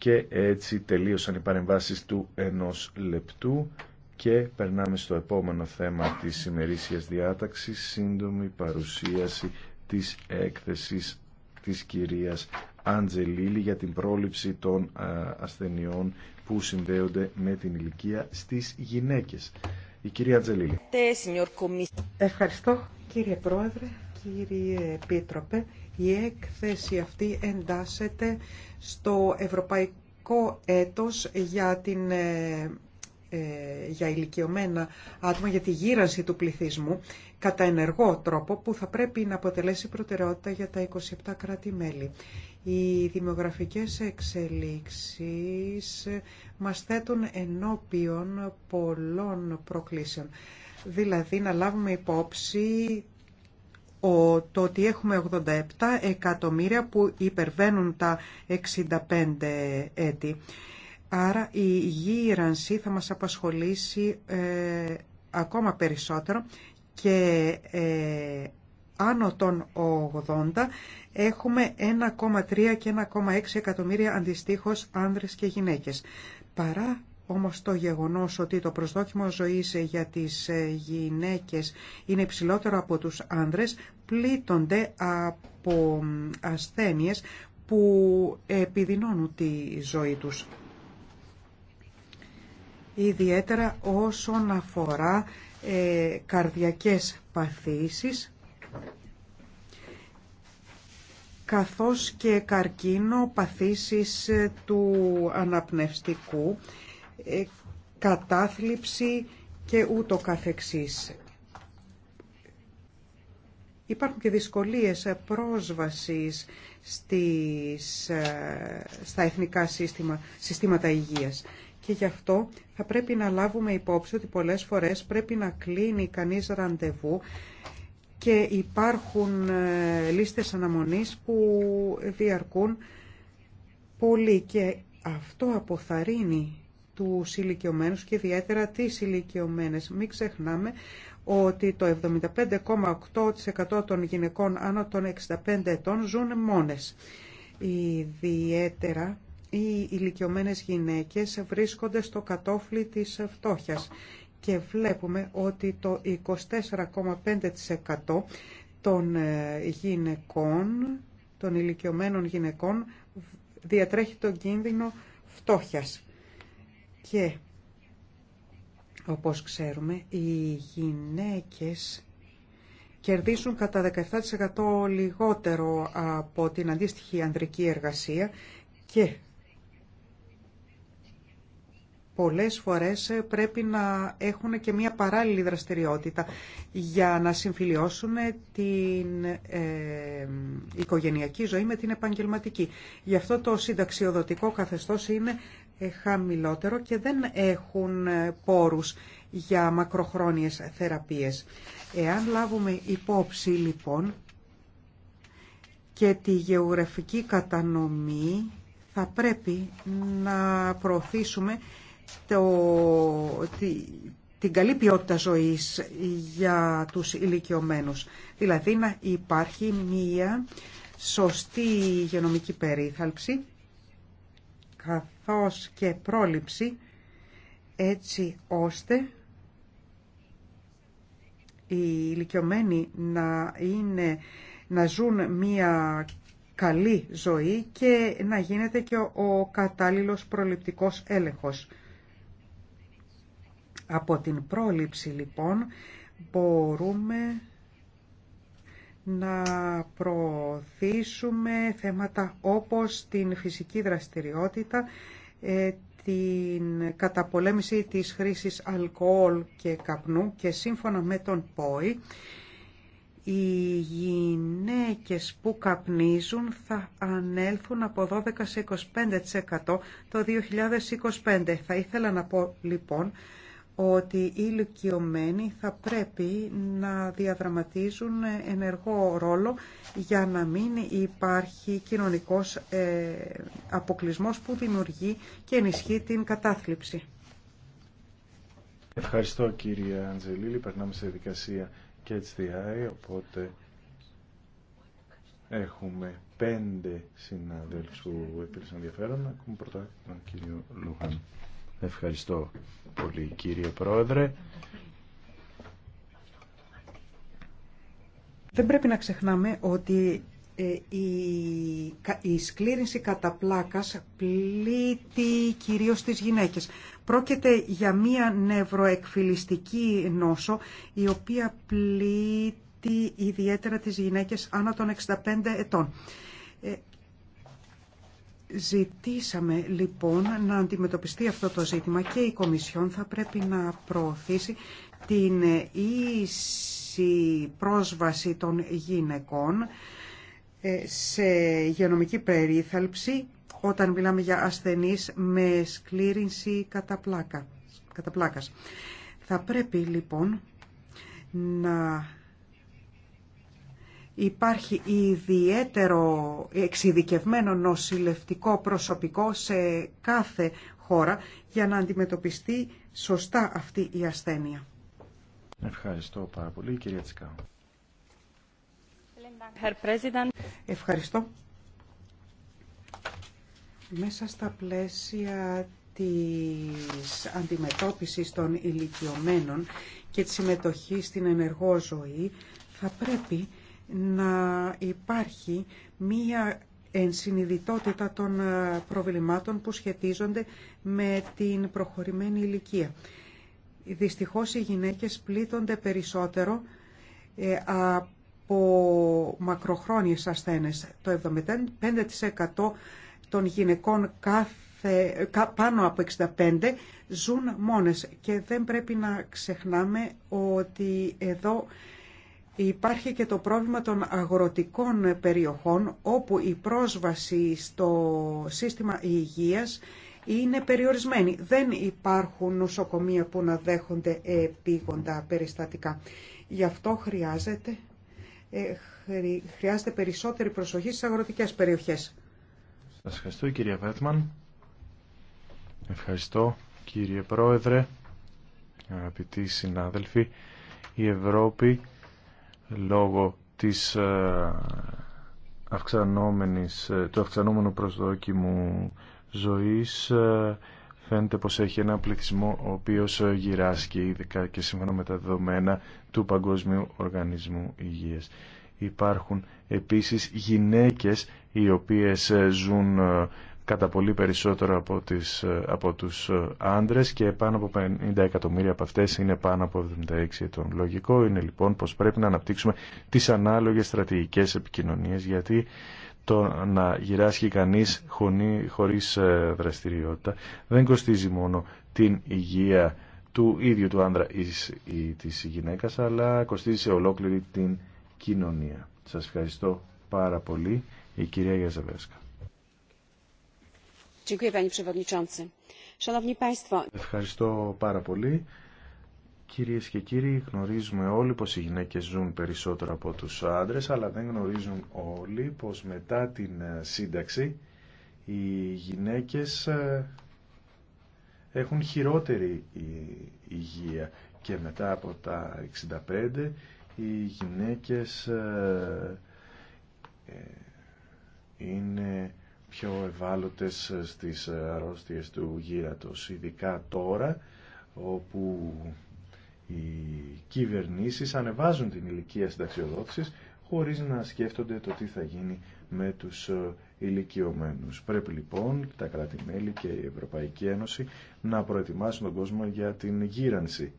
Και έτσι τελείωσαν οι παρεμβάσεις του ενός λεπτού και περνάμε στο επόμενο θέμα της ημερήσιας διάταξης, σύντομη παρουσίαση της έκθεσης της κυρίας Αντζελίλη για την πρόληψη των ασθενειών που συνδέονται με την ηλικία στις γυναίκες. Η κυρία Αντζελίλη. Ευχαριστώ κύριε Πρόεδρε, Κύριε Επίτροπε, η έκθεση αυτή εντάσσεται στο Ευρωπαϊκό Έτος για, την, ε, ε, για ηλικιωμένα άτομα, για τη γύρανση του πληθυσμού, κατά ενεργό τρόπο που θα πρέπει να αποτελέσει προτεραιότητα για τα 27 κράτη-μέλη. Οι δημογραφικές εξελίξεις μας θέτουν ενώπιον πολλών προκλήσεων. Δηλαδή να λάβουμε υπόψη ο, το ότι έχουμε 87 εκατομμύρια που υπερβαίνουν τα 65 έτη. Άρα η γύρανση θα μας απασχολήσει ε, ακόμα περισσότερο και ε, άνω των 80 έχουμε 1,3 και 1,6 εκατομμύρια αντιστοίχως άνδρες και γυναίκες. Παρά όμως το γεγονός ότι το προσδόκιμο ζωής για τις ε, γυναίκες είναι υψηλότερο από τους άνδρες πλήττονται από ασθένειες που επιδεινώνουν τη ζωή τους. Ιδιαίτερα όσον αφορά ε, καρδιακές παθήσεις καθώς και καρκίνο παθήσεις ε, του αναπνευστικού ε, κατάθλιψη και ούτω καθεξής. Υπάρχουν και δυσκολίες πρόσβασης στις, ε, στα εθνικά σύστημα, συστήματα υγείας. Και γι' αυτό θα πρέπει να λάβουμε υπόψη ότι πολλές φορές πρέπει να κλείνει κανείς ραντεβού και υπάρχουν ε, λίστες αναμονής που διαρκούν πολύ και αυτό αποθαρρύνει του ηλικιωμένου και ιδιαίτερα τι ηλικιωμένε. Μην ξεχνάμε ότι το 75,8% των γυναικών άνω των 65 ετών ζουν μόνες. Ιδιαίτερα οι ηλικιωμένε γυναίκες βρίσκονται στο κατόφλι της φτώχειας και βλέπουμε ότι το 24,5% των ε, γυναικών, των ηλικιωμένων γυναικών διατρέχει τον κίνδυνο φτώχειας. Και όπως ξέρουμε οι γυναίκες κερδίζουν κατά 17% λιγότερο από την αντίστοιχη ανδρική εργασία και πολλές φορές πρέπει να έχουν και μία παράλληλη δραστηριότητα για να συμφιλιώσουν την ε, οικογενειακή ζωή με την επαγγελματική. Γι' αυτό το συνταξιοδοτικό καθεστώς είναι χαμηλότερο και δεν έχουν πόρους για μακροχρόνιες θεραπείες. Εάν λάβουμε υπόψη λοιπόν και τη γεωγραφική κατανομή θα πρέπει να προωθήσουμε το, τη, την καλή ποιότητα ζωής για τους ηλικιωμένους. Δηλαδή να υπάρχει μία σωστή υγειονομική περίθαλψη καθώς και πρόληψη έτσι ώστε οι ηλικιωμένοι να, είναι, να ζουν μία καλή ζωή και να γίνεται και ο κατάλληλος προληπτικός έλεγχος. Από την πρόληψη λοιπόν μπορούμε να προωθήσουμε θέματα όπως την φυσική δραστηριότητα, ε, την καταπολέμηση της χρήσης αλκοόλ και καπνού και σύμφωνα με τον ΠΟΗ, οι γυναίκες που καπνίζουν θα ανέλθουν από 12 σε 25% το 2025. Θα ήθελα να πω λοιπόν ότι οι ηλικιωμένοι θα πρέπει να διαδραματίζουν ενεργό ρόλο για να μην υπάρχει κοινωνικός ε, αποκλισμός που δημιουργεί και ενισχύει την κατάθλιψη. Ευχαριστώ κύριε Αντζελίλη. Περνάμε σε δικασία και HDI, οπότε έχουμε πέντε συναδέλφους που επίλυσαν ενδιαφέρον. Ακούμε πρώτα τον κύριο Λουχάν. Ευχαριστώ πολύ κύριε Πρόεδρε. Δεν πρέπει να ξεχνάμε ότι ε, η σκλήρινση κατά πλάκας πλήττει κυρίως τις γυναίκες. Πρόκειται για μία νευροεκφυλιστική νόσο η οποία πλήττει ιδιαίτερα τις γυναίκες άνω των 65 ετών. Ε, Ζητήσαμε λοιπόν να αντιμετωπιστεί αυτό το ζήτημα και η Κομισιόν θα πρέπει να προωθήσει την ίση πρόσβαση των γυναικών ε, σε υγειονομική περίθαλψη όταν μιλάμε για ασθενείς με σκλήρινση κατά, πλάκα, Θα πρέπει λοιπόν να Υπάρχει ιδιαίτερο εξειδικευμένο νοσηλευτικό προσωπικό σε κάθε χώρα για να αντιμετωπιστεί σωστά αυτή η ασθένεια. Ευχαριστώ πάρα πολύ, κυρία Τσικά. Ευχαριστώ. Μέσα στα πλαίσια της αντιμετώπισης των ηλικιωμένων και της συμμετοχής στην ενεργό ζωή θα πρέπει να υπάρχει μία ενσυνειδητότητα των ε, προβλημάτων που σχετίζονται με την προχωρημένη ηλικία. Δυστυχώς οι γυναίκες πλήττονται περισσότερο ε, από μακροχρόνιες ασθένες. Το 75% των γυναικών κάθε, πάνω από 65 ζουν μόνες και δεν πρέπει να ξεχνάμε ότι εδώ Υπάρχει και το πρόβλημα των αγροτικών περιοχών όπου η πρόσβαση στο σύστημα υγείας είναι περιορισμένη. Δεν υπάρχουν νοσοκομεία που να δέχονται επίγοντα περιστατικά. Γι' αυτό χρειάζεται, ε, χρειάζεται περισσότερη προσοχή στις αγροτικές περιοχές. Σας ευχαριστώ κυρία Βέτμαν. Ευχαριστώ κύριε Πρόεδρε, αγαπητοί συνάδελφοι. Η Ευρώπη λόγω της ε, αυξανόμενης, ε, του αυξανόμενου προσδόκιμου ζωής ε, φαίνεται πως έχει ένα πληθυσμό ο οποίος γυράσκει ειδικά και σύμφωνα με τα δεδομένα του Παγκόσμιου Οργανισμού Υγείας. Υπάρχουν επίσης γυναίκες οι οποίες ζουν κατά πολύ περισσότερο από, τις, ε, από τους ε, άντρες και πάνω από 50 εκατομμύρια από αυτές είναι πάνω από 76 ετών. Λογικό είναι λοιπόν πως πρέπει να αναπτύξουμε τις ανάλογες στρατηγικές επικοινωνίες γιατί το να γυράσχει κανείς χωρίς ε, δραστηριότητα δεν κοστίζει μόνο την υγεία του ίδιου του άντρα ή της γυναίκας αλλά κοστίζει σε ολόκληρη την κοινωνία. Σας ευχαριστώ πάρα πολύ η κυρία Γιαζαβέσκα. Ευχαριστώ πάρα πολύ. Κυρίες και κύριοι, γνωρίζουμε όλοι πως οι γυναίκες ζουν περισσότερο από τους άντρες, αλλά δεν γνωρίζουν όλοι πως μετά την ε, σύνταξη οι γυναίκες ε, έχουν χειρότερη υγεία και μετά από τα 65 οι γυναίκες ε, είναι πιο ευάλωτες ε, στις ε, αρρώστιες του γύρατος, ειδικά τώρα όπου οι κυβερνήσεις ανεβάζουν την ηλικία συνταξιοδότησης χωρίς να σκέφτονται το τι θα γίνει με τους ε, ηλικιωμένους. Πρέπει λοιπόν τα κράτη-μέλη και η Ευρωπαϊκή Ένωση να προετοιμάσουν τον κόσμο για την γύρανση.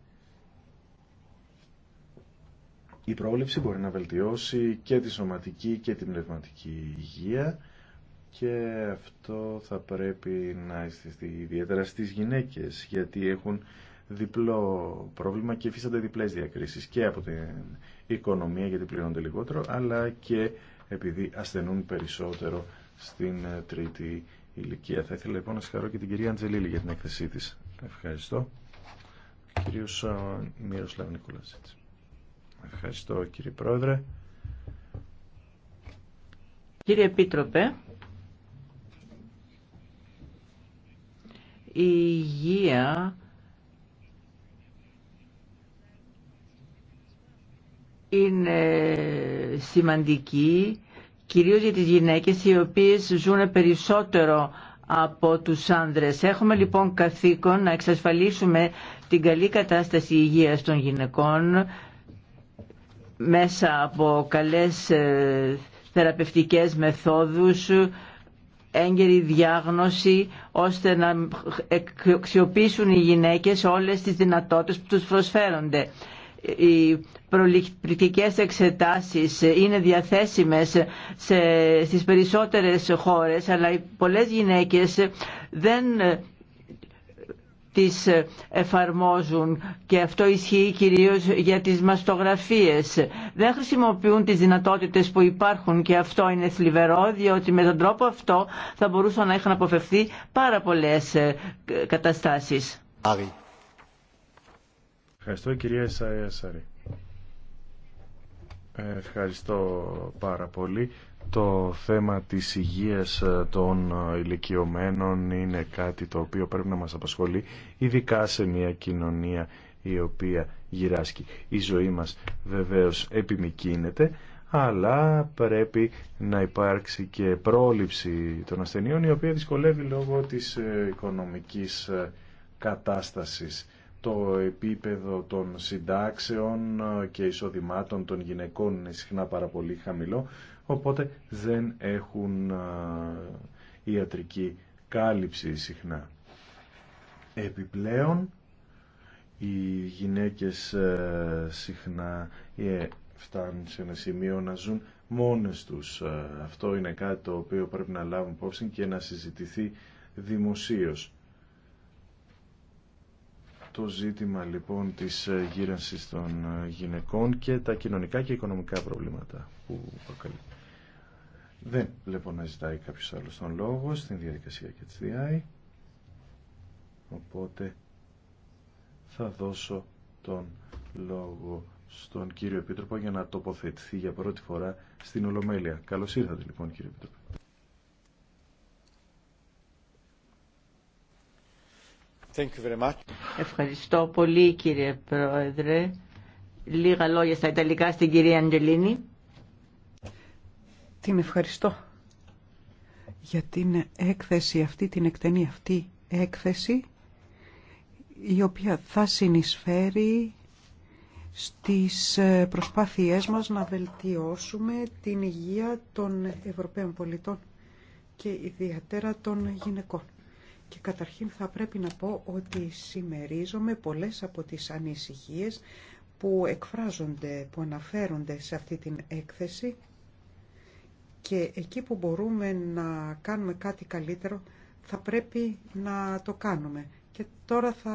Η πρόληψη μπορεί να βελτιώσει και τη σωματική και την πνευματική υγεία και αυτό θα πρέπει να αισθηθεί ιδιαίτερα στις γυναίκες γιατί έχουν διπλό πρόβλημα και υφίστανται διπλές διακρίσεις και από την οικονομία γιατί πληρώνονται λιγότερο αλλά και επειδή ασθενούν περισσότερο στην τρίτη ηλικία. Θα ήθελα λοιπόν να συγχαρώ και την κυρία Αντζελίλη για την έκθεσή της. Ευχαριστώ. Ευχαριστώ κύριε Πρόεδρε. Κύριε Επίτροπε, η υγεία είναι σημαντική κυρίως για τις γυναίκες οι οποίες ζουν περισσότερο από τους άνδρες. Έχουμε λοιπόν καθήκον να εξασφαλίσουμε την καλή κατάσταση υγείας των γυναικών μέσα από καλές ε, θεραπευτικές μεθόδους έγκαιρη διάγνωση ώστε να αξιοποιήσουν οι γυναίκες όλες τις δυνατότητες που τους προσφέρονται. Οι προληπτικές εξετάσεις είναι διαθέσιμες σε, στις περισσότερες χώρες αλλά οι πολλές γυναίκες δεν τις εφαρμόζουν και αυτό ισχύει κυρίως για τις μαστογραφίες. Δεν χρησιμοποιούν τις δυνατότητες που υπάρχουν και αυτό είναι θλιβερό διότι με τον τρόπο αυτό θα μπορούσαν να είχαν αποφευθεί πάρα πολλές ε, καταστάσεις. Ευχαριστώ κυρία Σάρη. Ε, ευχαριστώ πάρα πολύ το θέμα της υγείας ε, των ε, ηλικιωμένων είναι κάτι το οποίο πρέπει να μας απασχολεί, ειδικά σε μια κοινωνία η οποία γυράσκει. Η ζωή μας βεβαίως επιμικίνεται, αλλά πρέπει να υπάρξει και πρόληψη των ασθενειών, η οποία δυσκολεύει λόγω της ε, οικονομικής κατάστασης. Το επίπεδο των συντάξεων και εισοδημάτων των γυναικών είναι συχνά πάρα πολύ χαμηλό, οπότε δεν έχουν ιατρική κάλυψη συχνά. Επιπλέον, οι γυναίκες συχνά ε, φτάνουν σε ένα σημείο να ζουν μόνες τους. Αυτό είναι κάτι το οποίο πρέπει να λάβουν υπόψη και να συζητηθεί δημοσίως. Το ζήτημα λοιπόν της ε, γύρανσης των ε, γυναικών και τα κοινωνικά και οικονομικά προβλήματα που προκαλεί. Δεν βλέπω λοιπόν, να ζητάει κάποιος άλλος τον λόγο στην διαδικασία και της ΔΙΑΗ. Οπότε θα δώσω τον λόγο στον κύριο Επίτροπο για να τοποθετηθεί για πρώτη φορά στην Ολομέλεια. Καλώς ήρθατε λοιπόν κύριε Επίτροπο. Thank you very much. Ευχαριστώ πολύ κύριε Πρόεδρε. Λίγα λόγια στα Ιταλικά στην κυρία Αντελίνη. Την ευχαριστώ για την έκθεση αυτή, την εκτενή αυτή έκθεση, η οποία θα συνεισφέρει στις ε, προσπάθειές μας να βελτιώσουμε την υγεία των Ευρωπαίων πολιτών και ιδιαίτερα των γυναικών. Και καταρχήν θα πρέπει να πω ότι συμμερίζομαι πολλές από τις ανησυχίες που εκφράζονται, που αναφέρονται σε αυτή την έκθεση και εκεί που μπορούμε να κάνουμε κάτι καλύτερο θα πρέπει να το κάνουμε. Και τώρα θα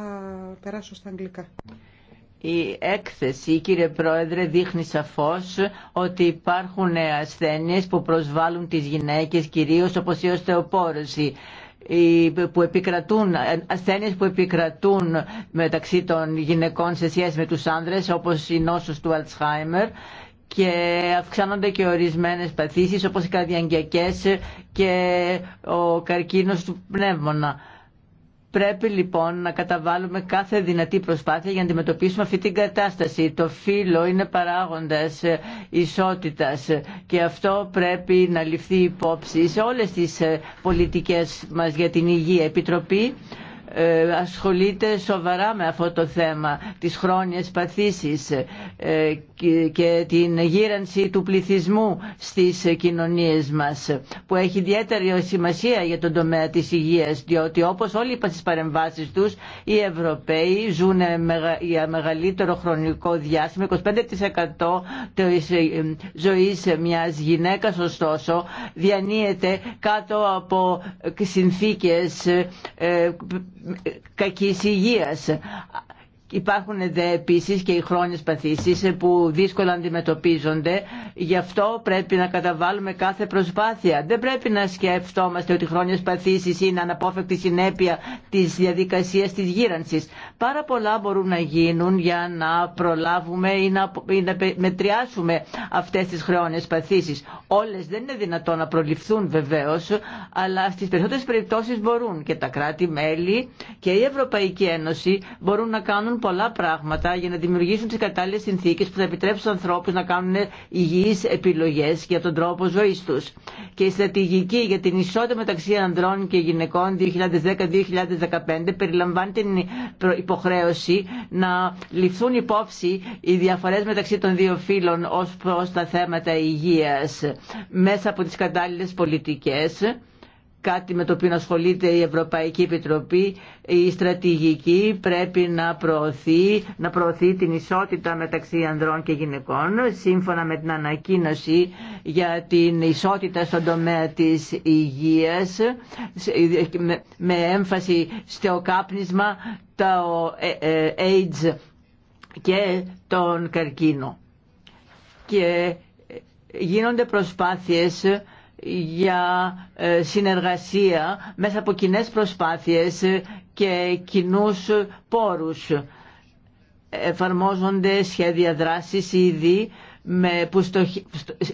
περάσω στα αγγλικά. Η έκθεση, κύριε Πρόεδρε, δείχνει σαφώς ότι υπάρχουν ασθένειες που προσβάλλουν τις γυναίκες, κυρίως όπως η οστεοπόρωση που επικρατούν, ασθένειες που επικρατούν μεταξύ των γυναικών σε σχέση με τους άνδρες όπως η νόσος του Αλτσχάιμερ και αυξάνονται και ορισμένες παθήσεις όπως οι καρδιαγγειακές και ο καρκίνος του πνεύμονα. Πρέπει λοιπόν να καταβάλουμε κάθε δυνατή προσπάθεια για να αντιμετωπίσουμε αυτή την κατάσταση. Το φύλλο είναι παράγοντας ισότητας και αυτό πρέπει να ληφθεί υπόψη σε όλες τις πολιτικές μας για την υγεία. Επιτροπή ε, ασχολείται σοβαρά με αυτό το θέμα της χρόνιας παθήσεις ε, και την γύρανση του πληθυσμού στις κοινωνίες μας που έχει ιδιαίτερη σημασία για τον τομέα της υγείας διότι όπως όλοι είπαν στις παρεμβάσεις τους οι Ευρωπαίοι ζουν για μεγαλύτερο χρονικό διάστημα 25% της ε, ζωής μιας γυναίκας ωστόσο διανύεται κάτω από συνθήκες κακής υγείας. Υπάρχουν δε επίσης και οι χρόνιες παθήσεις που δύσκολα αντιμετωπίζονται, γι' αυτό πρέπει να καταβάλουμε κάθε προσπάθεια. Δεν πρέπει να σκεφτόμαστε ότι οι χρόνιες παθήσεις είναι αναπόφευκτη συνέπεια της διαδικασίας της γύρανσης. Πάρα πολλά μπορούν να γίνουν για να προλάβουμε ή να, μετριάσουμε αυτές τις χρόνιες παθήσεις. Όλες δεν είναι δυνατόν να προληφθούν βεβαίως, αλλά στις περισσότερες περιπτώσεις μπορούν και τα κράτη-μέλη και η Ευρωπαϊκή Ένωση μπορούν να κάνουν κάνουν πολλά πράγματα για να δημιουργήσουν τις κατάλληλες συνθήκες που θα επιτρέψουν στους ανθρώπους να κάνουν υγιείς επιλογές για τον τρόπο ζωής τους. Και η στρατηγική για την ισότητα μεταξύ ανδρών και γυναικών 2010-2015 περιλαμβάνει την υποχρέωση να ληφθούν υπόψη οι διαφορές μεταξύ των δύο φύλων ως προς τα θέματα υγείας μέσα από τις κατάλληλες πολιτικές κάτι με το οποίο ασχολείται η Ευρωπαϊκή Επιτροπή, η στρατηγική πρέπει να προωθεί, να προωθεί την ισότητα μεταξύ ανδρών και γυναικών, σύμφωνα με την ανακοίνωση για την ισότητα στον τομέα της υγείας, με έμφαση στο κάπνισμα, το ε, ε, AIDS και τον καρκίνο. Και γίνονται προσπάθειες για ε, συνεργασία μέσα από κοινέ προσπάθειες και κοινού πόρους. Εφαρμόζονται σχέδια δράσης ήδη με, που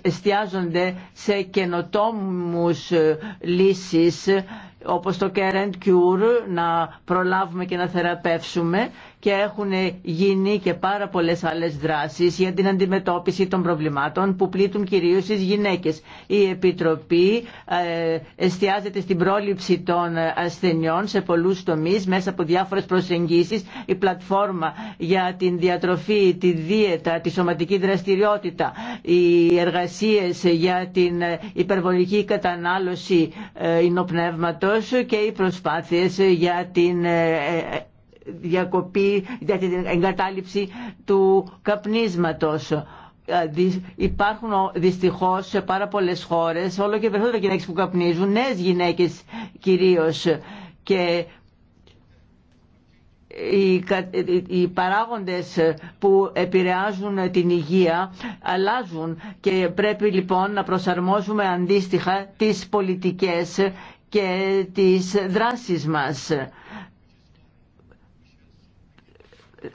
εστιάζονται σε καινοτόμους ε, λύσεις όπως το Care and Cure, να προλάβουμε και να θεραπεύσουμε και έχουν γίνει και πάρα πολλές άλλες δράσεις για την αντιμετώπιση των προβλημάτων που πλήττουν κυρίως τις γυναίκες. Η Επιτροπή ε, εστιάζεται στην πρόληψη των ασθενειών σε πολλούς τομείς μέσα από διάφορες προσεγγίσεις. Η πλατφόρμα για την διατροφή, τη δίαιτα, τη σωματική δραστηριότητα, οι εργασίες για την υπερβολική κατανάλωση υνοπνεύματος ε, και οι προσπάθειες για την ε, διακοπή, για την εγκατάλειψη του καπνίσματος. Ε, υπάρχουν δυστυχώς σε πάρα πολλές χώρες όλο και περισσότερο γυναίκες που καπνίζουν, νέες γυναίκες κυρίως και οι παράγοντες που επηρεάζουν την υγεία αλλάζουν και πρέπει λοιπόν να προσαρμόζουμε αντίστοιχα τις πολιτικές και τις δράσεις μας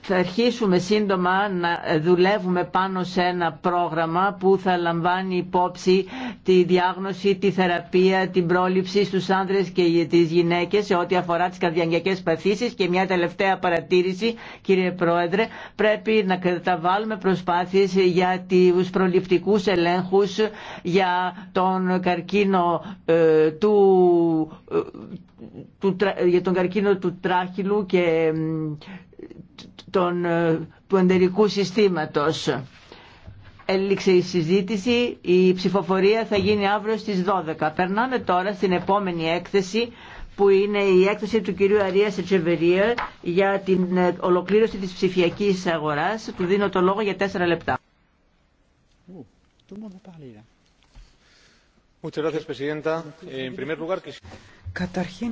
θα αρχίσουμε σύντομα να δουλεύουμε πάνω σε ένα πρόγραμμα που θα λαμβάνει υπόψη τη διάγνωση, τη θεραπεία, την πρόληψη στους άνδρες και τις γυναίκες σε ό,τι αφορά τις καρδιαγγειακές παθήσεις και μια τελευταία παρατήρηση κύριε Πρόεδρε πρέπει να καταβάλουμε προσπάθειες για τους προληπτικούς ελέγχους για τον καρκίνο ε, του, ε, του, για τον καρκίνο του τράχυλου και των, ε, του εντερικού συστήματος. Έληξε η συζήτηση, η ψηφοφορία θα γίνει αύριο στις 12. Περνάμε τώρα στην επόμενη έκθεση που είναι η έκθεση του κυρίου Αρία Ετσεβερία για την ε, ολοκλήρωση της ψηφιακής αγοράς. Του δίνω το λόγο για τέσσερα λεπτά. Ε, Καταρχήν